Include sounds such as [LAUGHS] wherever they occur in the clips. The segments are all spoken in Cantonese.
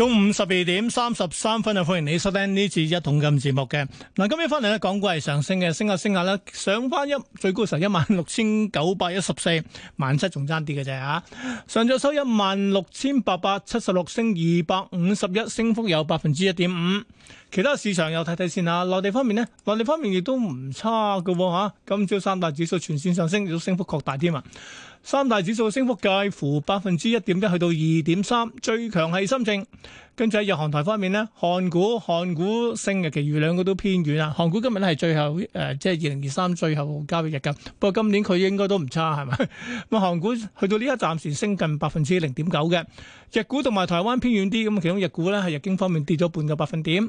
中午十二點三十三分啊，歡迎你收聽呢次一桶金節目嘅。嗱，今日翻嚟咧，港股係上升嘅，升下升下咧，上翻一最高成一萬六千九百一十四萬七，仲爭啲嘅啫吓。上晝收一萬六千八百七十六，升二百五十一，升幅有百分之一點五。其他市場又睇睇先吓，內地方面咧，內地方面亦都唔差嘅吓、啊。今朝三大指數全線上升，亦都升幅擴大添啊。三大指數升幅介乎百分之一點一去到二點三，最強係深圳。跟住喺日韓台方面咧，韓股、韓股升嘅，其餘兩個都偏遠啊。韓股今日係最後誒，即係二零二三最後交易日噶。不過今年佢應該都唔差，係咪？咁韓、 [LAUGHS] 嗯、股去到呢一刻暫時升近百分之零點九嘅，日股，同埋台灣偏遠啲咁，其中日股呢係日經方面跌咗半個百分點。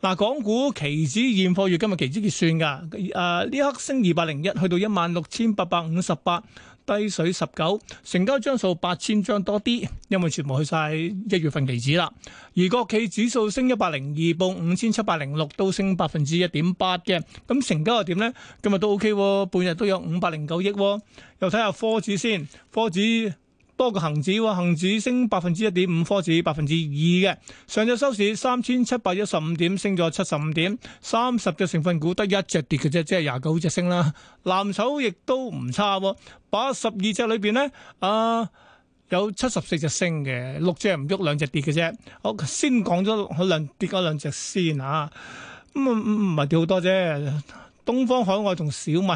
嗱，港股期指現貨月今日期指結算噶誒，呢、呃、一刻升二百零一去到一萬六千八百五十八。低水十九，成交張數八千張多啲，因為全部去晒一月份期指啦。而國企指數升一百零二，報五千七百零六，都升百分之一點八嘅。咁成交又點呢？今日都 OK，半日都有五百零九億。又睇下科指先，科指。多個恒指喎，恆指升百分之一點五，科指百分之二嘅。上日收市三千七百一十五點，升咗七十五點。三十隻成分股得一隻跌嘅啫，即係廿九隻升啦。藍籌亦都唔差，八十二隻裏邊咧，啊有七十四隻升嘅，六隻唔喐，兩、嗯、隻跌嘅啫。好，先講咗兩跌嗰兩隻先啊，咁唔係跌好多啫。東方海外同小米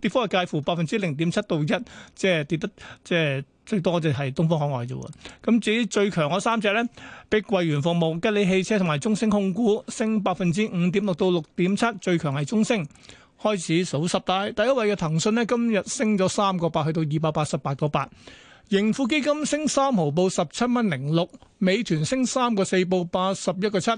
跌幅係介乎百分之零點七到一，即係跌得即係。最多就係東方海外啫喎，咁至於最強嗰三隻呢，碧桂園服務、吉利汽車同埋中升控股升百分之五點六到六點七，最強係中升。開始數十大，第一位嘅騰訊呢，今日升咗三個八，去到二百八十八個八。盈富基金升三毫報十七蚊零六，美團升三個四報八十一個七，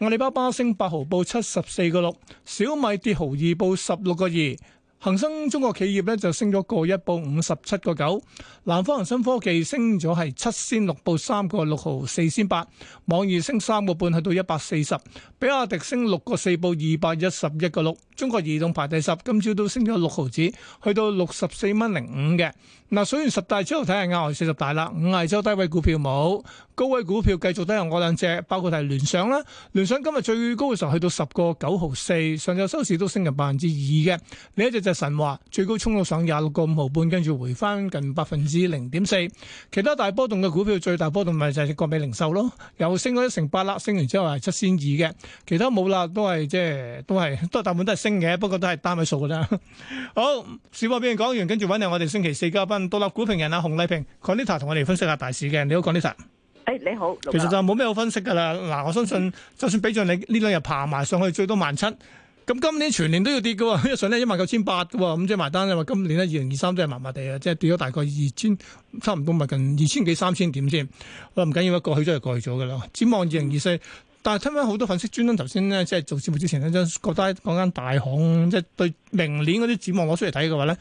阿里巴巴升八毫報七十四個六，小米跌毫二報十六個二。恒生中國企業咧就升咗個一報五十七個九，南方恒生科技升咗係七仙六報三個六毫四仙八，網易升三個半係到一百四十，比亞迪升六個四報二百一十一個六。中國移動排第十，今朝都升咗六毫子，去到六十四蚊零五嘅。嗱，數完十大之後，睇下亞外四十大啦，五亞洲低位股票冇，高位股票繼續都有我兩隻，包括係聯想啦。聯想今日最高嘅時候去到十個九毫四，上晝收市都升近百分之二嘅。另一隻就神華，最高衝到上廿六個五毫半，跟住回翻近百分之零點四。其他大波動嘅股票，最大波動咪就係國美零售咯，又升咗一成八啦，升完之後係七千二嘅。其他冇啦，都係即係都係都係大部分都係。都嘅，不過都係單位數嘅啫。 [LAUGHS] 好，小波畀你講完，跟住揾定我哋星期四嘉賓獨立股評人阿熊麗萍，Connie 同我哋分析下大市嘅。Hey, 你好，Connie。誒，你好。其實就冇咩好分析㗎、嗯、啦。嗱，我相信就算畀咗你呢兩日爬埋上去最多萬七，咁今年全年都要跌嘅。一上咧一萬九千八嘅喎，咁即係埋單啦嘛。今年咧二零二三都係麻麻地啊，即係跌咗大概二千，差唔多咪近二千幾三千點先。話唔緊要啦，過去咗係過去咗㗎啦。展望二零二四。但係聽翻好多粉絲專登頭先咧，即係做節目之前咧，就覺得嗰間大行即係對。明年嗰啲展望攞出嚟睇嘅話咧，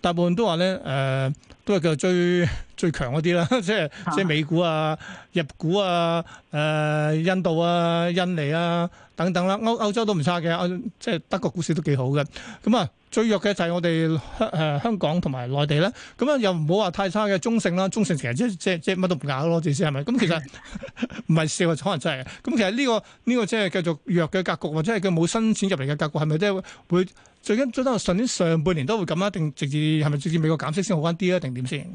大部分都話咧，誒、呃，都係叫做最最強嗰啲啦，即係即係美股啊、入股啊、誒、呃、印度啊、印尼啊等等啦，歐歐洲都唔差嘅，即係德國股市都幾好嘅。咁、嗯、啊，最弱嘅就係我哋香誒香港同埋內地啦。咁、嗯、啊，又唔好話太差嘅中性啦，中性其實即係即係即係乜都唔搞咯，至少係咪？咁其實唔係的笑，笑，就可能真係。咁、嗯、其實呢、呢個呢、呢個即係繼續弱嘅格局，或者係佢冇新錢入嚟嘅格局，係咪即係會？最緊要係，上年上半年都會咁啊？定直至係咪直至美國減息先好返啲啊？定點先？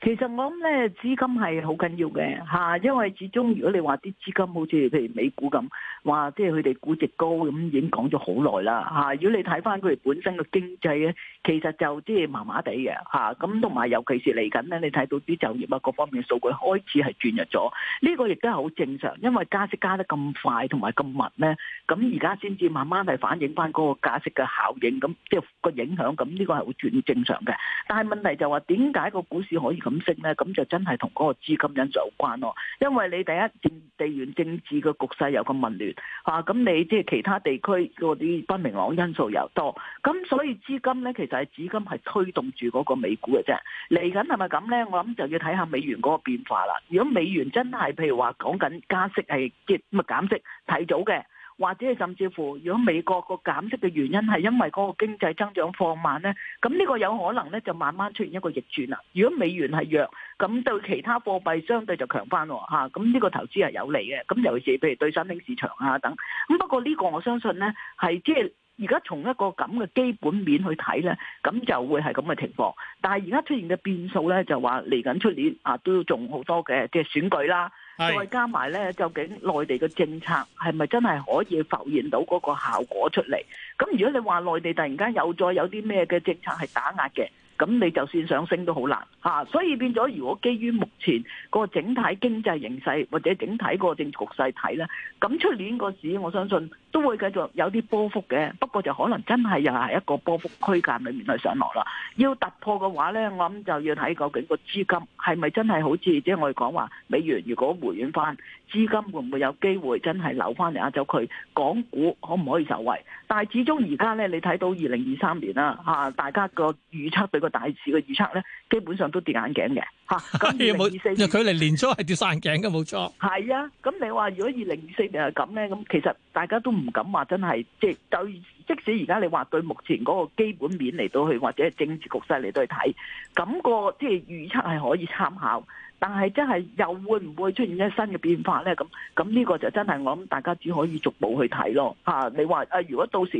其實我諗咧，資金係好緊要嘅吓，因為始終如果你話啲資金好似譬如美股咁，話即係佢哋估值高咁，已經講咗好耐啦吓。如果你睇翻佢哋本身嘅經濟咧，其實就即係麻麻地嘅吓。咁同埋尤其是嚟緊咧，你睇到啲就業啊各方面嘅數據開始係轉入咗，呢個亦都係好正常。因為加息加得咁快同埋咁密咧，咁而家先至慢慢係反映翻嗰個加息嘅效應，咁即係個影響。咁呢個係會轉正常嘅。但係問題就話點解個股市可以？減息咧，咁就真係同嗰個資金因素有關咯。因為你第一，地緣政治嘅局勢有咁混亂，吓，咁你即係其他地區嗰啲不明朗因素又多，咁所以資金咧，其實係資金係推動住嗰個美股嘅啫。嚟緊係咪咁咧？我諗就要睇下美元嗰個變化啦。如果美元真係譬如話講緊加息係即咁啊減息提早嘅。或者係甚至乎，如果美國個減息嘅原因係因為嗰個經濟增長放慢咧，咁呢個有可能咧就慢慢出現一個逆轉啦。如果美元係弱，咁對其他貨幣相對就強翻喎，嚇咁呢個投資係有利嘅。咁尤其是譬如對新興市場啊等等，咁不過呢個我相信咧係即係而家從一個咁嘅基本面去睇咧，咁就會係咁嘅情況。但係而家出現嘅變數咧就話嚟緊出年啊都要仲好多嘅即係選舉啦。再加埋咧，究竟內地嘅政策係咪真係可以浮現到嗰個效果出嚟？咁如果你話內地突然間又再有啲咩嘅政策係打壓嘅？咁你就算上升都好難吓、啊。所以變咗如果基於目前個整體經濟形勢或者整體個政局勢睇咧，咁出年個市我相信都會繼續有啲波幅嘅，不過就可能真係又係一個波幅區間裏面去上落啦。要突破嘅話咧，我諗就要睇究竟個資金係咪真係好似即係我哋講話，美元如果回軟翻，資金會唔會有機會真係留翻嚟？亞洲區港股可唔可以受惠？但係始終而家咧，你睇到二零二三年啦吓、啊、大家個預測。對大市嘅預測咧，基本上都跌眼鏡嘅嚇。二零二四，佢嚟 [LAUGHS] 年， [LAUGHS] 年初係跌晒眼鏡嘅冇錯。係啊，咁你話如果二零二四年係咁咧，咁其實大家都唔敢話真係，即、就、係、是、對，即使而家你話對目前嗰個基本面嚟到去，或者係政治局勢嚟到去睇，咁、那個即係、就是、預測係可以參考，但係真係又會唔會出現一新嘅變化咧？咁咁呢個就真係我諗大家只可以逐步去睇咯嚇、啊。你話誒、啊，如果到時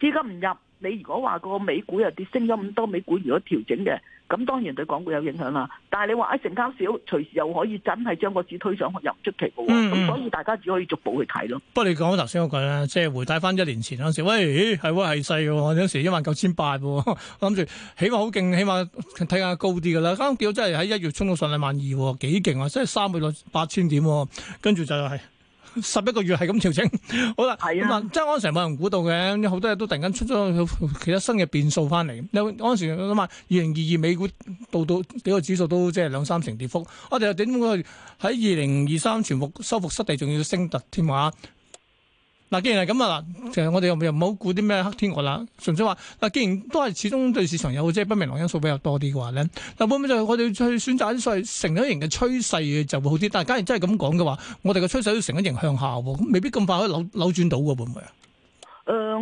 資金唔入？你如果話個美股又跌升咗咁多，美股如果調整嘅，咁當然對港股有影響啦。但係你話啊，成交少，隨時又可以真係將個市推上去，又唔出奇嘅。咁所以大家只可以逐步去睇咯。不過你講頭先嗰句咧，即係回帶翻一年前嗰陣時，喂，係喎係細喎，嗰時一萬九千八喎，諗住起碼好勁，起碼睇下高啲嘅啦。啱啱見真係喺一月衝到上兩萬二喎，幾勁啊！即係三倍落八千點，跟住就係。十一 [LAUGHS] 個月係咁調整 [LAUGHS] 好，好啦、啊，即係、嗯、安成冇人估到嘅。好多嘢都突然間出咗其他新嘅變數翻嚟。你安神諗下，二零二二美股到到幾個指數都即係兩三成跌幅，我哋又點喎？喺二零二三全復收復失地，仲要升突添啊！嗱，既然係咁啊，嗱，其實我哋又又唔好估啲咩黑天鵝啦，純粹話嗱，既然都係始終對市場有即係、就是、不明朗因素比較多啲嘅話咧，但會唔會就我哋去選擇啲所謂成長型嘅趨勢就會好啲？但係假如真係咁講嘅話，我哋嘅趨勢要成長型向下喎，咁未必咁快可以扭扭轉到喎，會唔會啊？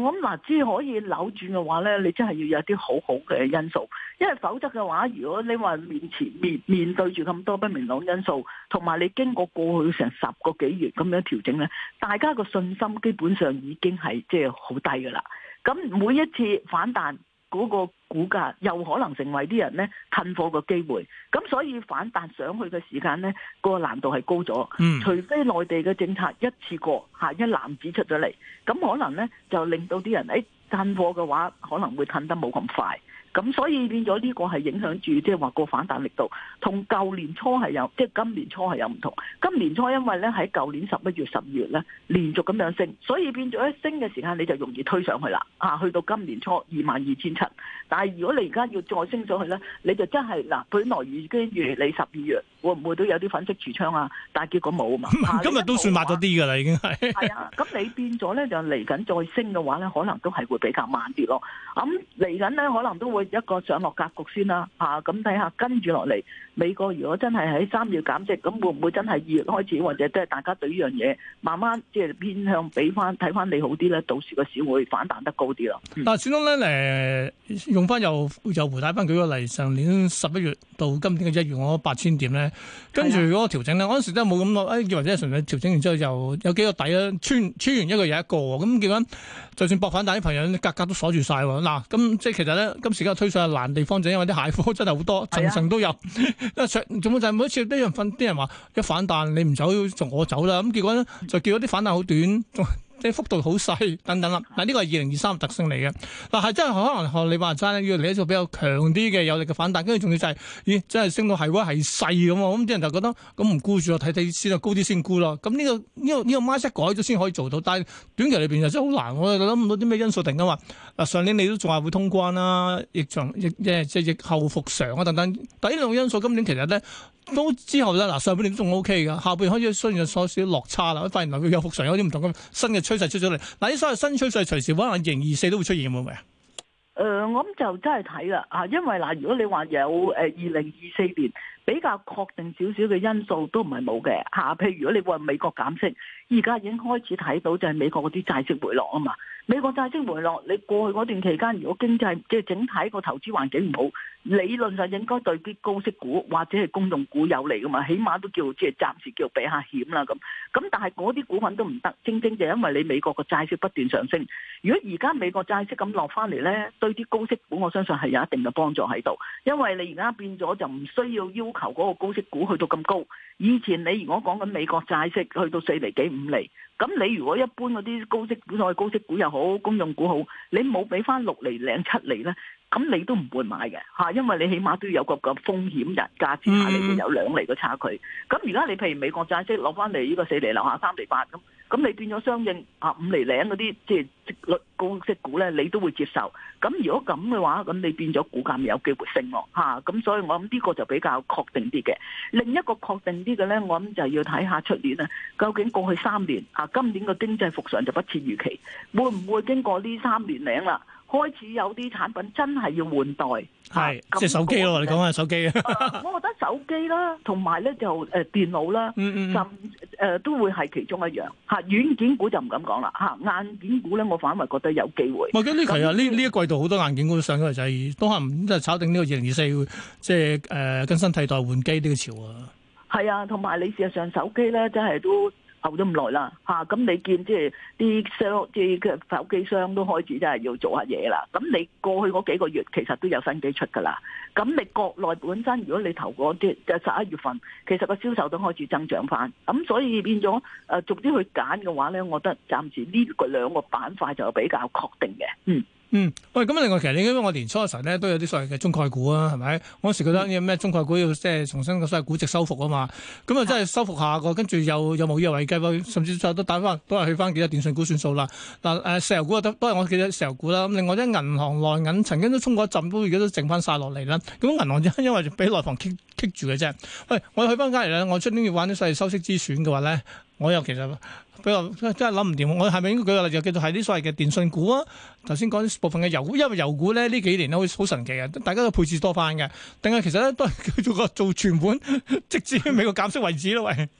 我諗嗱，只要可以扭轉嘅話咧，你真係要有啲好好嘅因素，因為否則嘅話，如果你話面前面面，面對住咁多不明朗因素，同埋你經過過去成十個幾月咁樣調整咧，大家個信心基本上已經係即係好低噶啦。咁每一次反彈，嗰個股價又可能成為啲人咧吞貨個機會，咁所以反彈上去嘅時間咧，個難度係高咗。嗯、除非內地嘅政策一次過下一籃子出咗嚟，咁可能咧就令到啲人誒。欸褪貨嘅話可能會褪得冇咁快，咁所以變咗呢個係影響住即係話個反彈力度，同舊年初係有即係、就是、今年初係有唔同。今年初因為咧喺舊年十一月、十二月咧連續咁樣升，所以變咗一升嘅時間你就容易推上去啦。嚇、啊，去到今年初二萬二千七，22, 700, 但係如果你而家要再升上去咧，你就真係嗱、啊、本來預計預你十二月會唔會都有啲粉飾櫥窗啊，但係結果冇啊嘛。啊今日都算抹咗啲㗎啦，已經係。係 [LAUGHS] 啊，咁你變咗咧就嚟緊再升嘅話咧，可能都係會。比較慢啲咯，咁嚟緊咧可能都會一個上落格局先啦、啊，嚇咁睇下跟住落嚟美國如果真係喺三月減息，咁會唔會真係二月開始或者即係大家對呢樣嘢慢慢即係偏向俾翻睇翻利好啲咧？到時個市會反彈得高啲咯。嗱、嗯，但係始終咧誒，用翻又又回帶翻舉個例，上年十一月到今年嘅一月，我八千點咧，跟住嗰個調整咧，嗰陣、哎、呀 時都冇咁耐，誒以為真係純粹調整完之後就有幾個底啦，穿穿完一個又一個，咁結尾就算博反彈啲朋友。格格都鎖住晒喎，嗱、啊、咁、嗯、即係其實咧，今時今日推上難地方就因為啲蟹貨真係好多，層層都有。因為上，總之就每一次啲人瞓，啲人話一反彈，你唔走要就我走啦。咁、嗯、結果呢就叫咗啲反彈好短。 [LAUGHS] 即係幅度好細等等啦，嗱、這、呢個係二零二三嘅特徵嚟嘅，嗱係真係可能學你話齋要嚟一做比較強啲嘅有力嘅反彈，跟住仲要就係、是，咦真係升到係微係細咁喎，咁啲人就覺得咁唔沽住啊，睇睇先啊，高啲先沽啦，咁、這、呢個呢、這個呢、這個 mindset 改咗先可以做到，但係短期裏邊就真係好難，我諗唔到啲咩因素定噶嘛。嗱，上年你都仲話會通關啦、啊，疫仗疫即係即係疫後復常啊等等，但係呢兩因素今年其實咧都之後咧，嗱上半年你都仲 O K 噶，下半年開始雖然有所少落差啦，發現原來有復常有啲唔同咁新嘅趨勢出咗嚟，嗱啲所謂新趨勢隨時可能二零二四都會出現會唔會啊？誒、呃，我諗就真係睇啦嚇，因為嗱，如果你話有誒二零二四年比較確定少少嘅因素都唔係冇嘅嚇，譬如如果你話美國減息，而家已經開始睇到就係美國嗰啲債息回落啊嘛。美國債息回落，你過去嗰段期間，如果經濟即係整體個投資環境唔好，理論上應該對啲高息股或者係公用股有利噶嘛，起碼都叫即係暫時叫避下險啦咁。咁但係嗰啲股份都唔得，正正就因為你美國嘅債息不斷上升。如果而家美國債息咁落翻嚟呢，對啲高息股，我相信係有一定嘅幫助喺度，因為你而家變咗就唔需要要求嗰個高息股去到咁高。以前你如果講緊美國債息去到四厘幾、五厘。咁你如果一般嗰啲高息，高息股，所謂高息股又好，公用股好，你冇俾翻六厘、領七厘咧？咁你都唔會買嘅嚇，因為你起碼都有個個風險日價之下，mm hmm。你都有兩厘嘅差距。咁而家你譬如美國債息攞翻嚟，呢個四厘，樓下三厘八咁，咁你變咗相應啊五厘零嗰啲即係息率高息股咧，你都會接受。咁如果咁嘅話，咁你變咗股價有機會升咯嚇。咁所以我諗呢個就比較確定啲嘅。另一個確定啲嘅咧，我諗就要睇下出年啦，究竟過去三年啊，今年嘅經濟復常就不似預期，會唔會經過呢三年領啦？開始有啲產品真係要換代，係即係手機咯，你講下手機。我覺得手機啦，同埋咧就誒電腦啦，咁誒都會係其中一樣吓。軟件股就唔敢講啦吓，硬件股咧我反而覺得有機會。咪咁呢？其實呢呢一季度好多硬件股上咗嚟，就係都可能即係炒定呢個二零二四即係誒更新替代換機呢個潮啊。係啊，同埋你事實上手機咧真係都。hold 咗咁耐啦，嚇咁、啊、你見即係啲即係手機商都開始真係要做下嘢啦。咁你過去嗰幾個月其實都有新機出㗎啦。咁你國內本身如果你投嗰啲就十一月份，其實個銷售都開始增長翻。咁所以變咗誒、啊、逐啲去揀嘅話咧，我覺得暫時呢個兩個板塊就比較確定嘅，嗯。嗯，喂，咁另外，其實你因為我年初嘅時候咧都有啲所謂嘅中概股啊，係咪？嗰時覺得啲咩、嗯、中概股要即係重新個所謂估值收復啊嘛，咁啊真係收復下個，跟住又又無依無靠，甚至最後都打翻都係去翻幾多電信股算數啦。嗱、呃、誒，石油股都都係我幾隻石油股啦。咁另外啲銀行內銀曾經都衝過一陣，都而家都剩翻晒落嚟啦。咁銀行因因為俾內房棘棘住嘅啫。喂，我去翻間嚟咧，我出年要玩啲所謂收息之選嘅話咧。我又其實比較真係諗唔掂，我係咪應該舉個例就叫做係啲所謂嘅電訊股啊？頭先講部分嘅油股，因為油股咧呢幾年咧好神奇啊，大家都配置多翻嘅。定係其實咧都係叫做個做全盤，直至美國減息為止咯，喂！ [LAUGHS] [LAUGHS]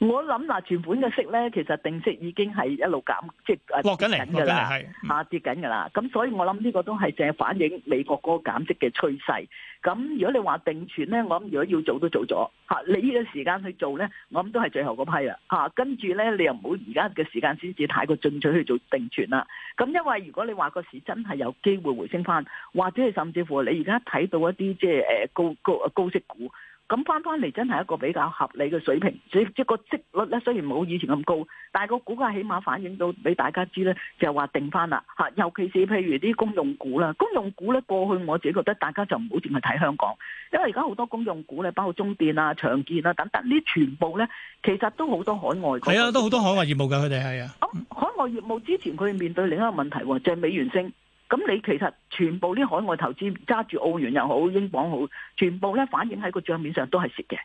我諗嗱，存款嘅息咧，其實定息已經係一路減，即係落緊嚟噶啦，吓跌緊噶啦。咁所以我諗呢個都係淨係反映美國嗰個減息嘅趨勢。咁如果你話定存咧，我諗如果要做都做咗，吓、啊、你呢個時間去做咧，我諗都係最後嗰批啦。吓、啊，跟住咧，你又唔好而家嘅時間先至太過進取去做定存啦。咁因為如果你話個市真係有機會回升翻，或者係甚至乎你而家睇到一啲即係誒高高高，高息股。咁翻翻嚟真係一個比較合理嘅水平，即即個息率咧雖然冇以前咁高，但係個股價起碼反映到俾大家知咧，就係話定翻啦嚇。尤其是譬如啲公用股啦，公用股咧過去我自己覺得大家就唔好淨係睇香港，因為而家好多公用股咧，包括中電啊、長建啊等等，呢全部咧其實都好多海外。係啊，都好多海外業務㗎，佢哋係啊。咁、嗯、海外業務之前佢面對另一個問題喎，就係、是、美元升。咁你其實全部啲海外投資，揸住澳元又好、英鎊好，全部咧反映喺個帳面上都係蝕嘅。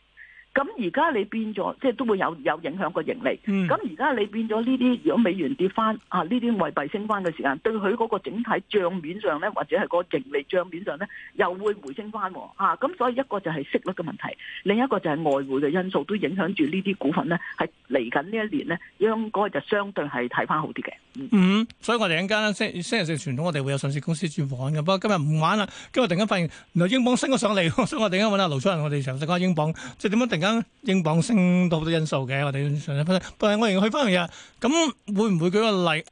咁而家你變咗，即係都會有有影響個盈利。咁而家你變咗呢啲，如果美元跌翻啊，呢啲外幣升翻嘅時間，對佢嗰個整體帳面上咧，或者係個盈利帳面上咧，又會回升翻喎。咁、啊啊、所以一個就係息率嘅問題，另一個就係外匯嘅因素都影響住呢啲股份咧，係嚟緊呢一年咧，應該就相對係睇翻好啲嘅。嗯，嗯，所以我哋一陣間星期四傳統，我哋會有上市公司轉房嘅，不過今日唔玩啦。今日突然間發現，原來英鎊升咗上嚟， [LAUGHS] 所以我突然間揾阿盧楚人，我哋詳細講下英鎊即係點樣定？而家英鎊升到好多因素嘅，我哋詳細分析。但係我仍然去翻樣嘢，咁會唔會舉個例？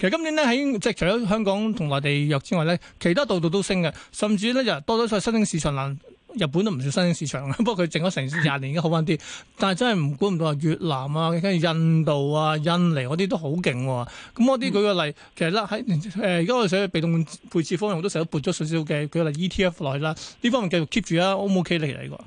其實今年咧喺，即係除咗香港同內地弱之外咧，其他度度都升嘅，甚至咧又多咗晒新、新興市場啦，日本都唔算新興市場。不過佢靜咗成廿年，已經好翻啲，但係真係唔估唔到啊！越南啊，跟住印度啊、印尼嗰、啊、啲都好勁、啊。咁我啲舉個例，其實拉喺誒，而家，呃、我哋所想被動配置方面我都成日都撥咗少少嘅，舉個例 E T F 落去啦。呢方面繼續 keep 住啦，O 唔 OK 嚟嘅個？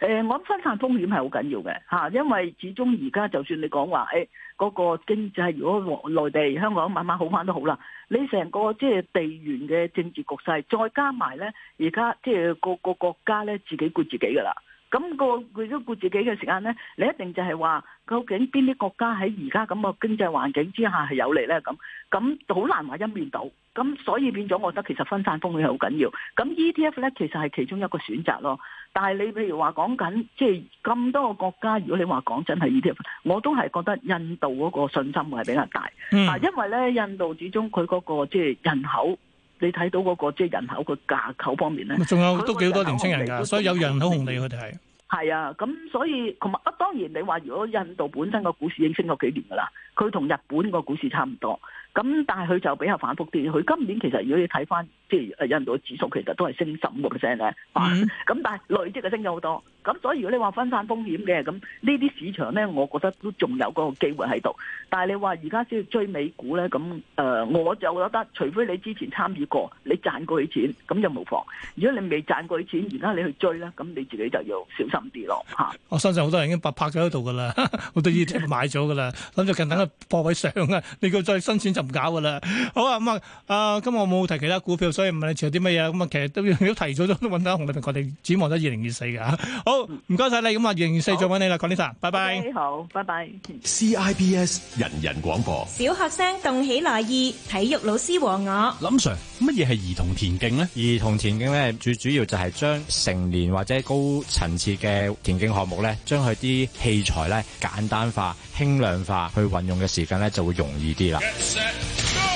誒，我諗分散風險係好緊要嘅嚇，因為始終而家就算你講話，誒嗰個經濟如果內地香港慢慢好翻都好啦，你成個即係地緣嘅政治局勢，再加埋咧，而家即係個個國家咧自己顧自己噶啦。咁個佢都顧自己嘅時間咧，你一定就係話究竟邊啲國家喺而家咁嘅經濟環境之下係有利咧？咁咁好難話一面倒，咁所以變咗，我覺得其實分散風險係好緊要。咁 ETF 咧，其實係其中一個選擇咯。但係你譬如話講緊即係咁多個國家，如果你話講真係 ETF，我都係覺得印度嗰個信心會係比較大，嗱，因為咧印度始終佢嗰個即係人口。你睇到嗰個即係人口個架構方面咧，仲有都幾多年青人噶，人所以有人口紅利佢哋係。係啊，咁所以同埋啊，當然你話如果印度本身個股市已經升咗幾年噶啦，佢同日本個股市差唔多，咁但係佢就比較反覆啲。佢今年其實如果你睇翻。即係印度指數，其實都係升十五個 percent 咧，咁但係累積嘅升咗好多，咁所以如果你話分散風險嘅，咁呢啲市場咧、呃，我覺得都仲有個機會喺度。但係你話而家先追美股咧，咁誒我就覺得，除非你之前參與過，你賺過啲錢，咁又無妨。如果你未賺過啲錢，而家你去追咧，咁你自己就要小心啲咯，嚇、啊。我相信好多人已經白拍咗喺度㗎啦，我都已經買咗㗎啦，諗住近等個破位上啊，你叫再新選就唔搞㗎啦。好啊，咁、嗯、啊，今日我冇提其他股票。所以唔係你除咗啲乜嘢咁啊？其實都都提早咗都揾到紅裏邊，我哋指望咗二零二四嘅。好，唔該晒你咁啊！二零二四再揾你啦，Connie，拜拜。你好，拜拜。CIBS、okay，人人廣播，小學生動起來意，體育老師和我。林 Sir，乜嘢係兒童田徑呢？兒童田徑咧，最主要就係將成年或者高層次嘅田徑項目咧，將佢啲器材咧簡單化、輕量化去運用嘅時間咧，就會容易啲啦。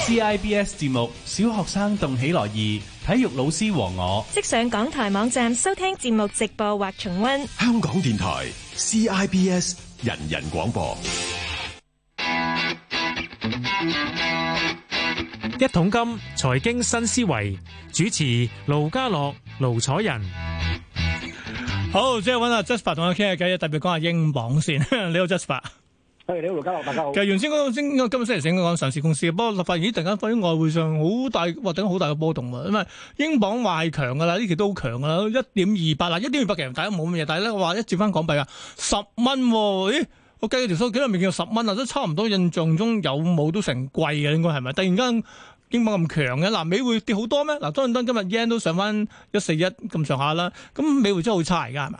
CIBS 節目，小學生動起來二》：體育老師和我，即上港台網站收聽節目直播或重溫。香港電台 CIBS 人人廣播。一桶金財經新思維，主持盧家樂、盧彩仁。好，即係揾阿 Just 發同我傾下偈，特別講下英鎊先。 [LAUGHS] 你好，Just 發。 [LAUGHS] 你好，大家好。其實原先嗰先今日星期四講上市公司不過發現咦突然間喺外匯上好大，或者好大嘅波動喎。因為英鎊壞強噶啦，呢期都好強噶啦，一點二八啊，一點二八其實大家冇乜嘢。但係咧話一折翻港幣啊，十蚊，咦？我計條數幾耐未見到十蚊啊，都差唔多。印象中有冇都成貴嘅，應該係咪？突然間英鎊咁強嘅，嗱美匯跌好多咩？嗱，當然當今日 yen 都上翻一四一咁上下啦。咁美匯真係好差而家係嘛？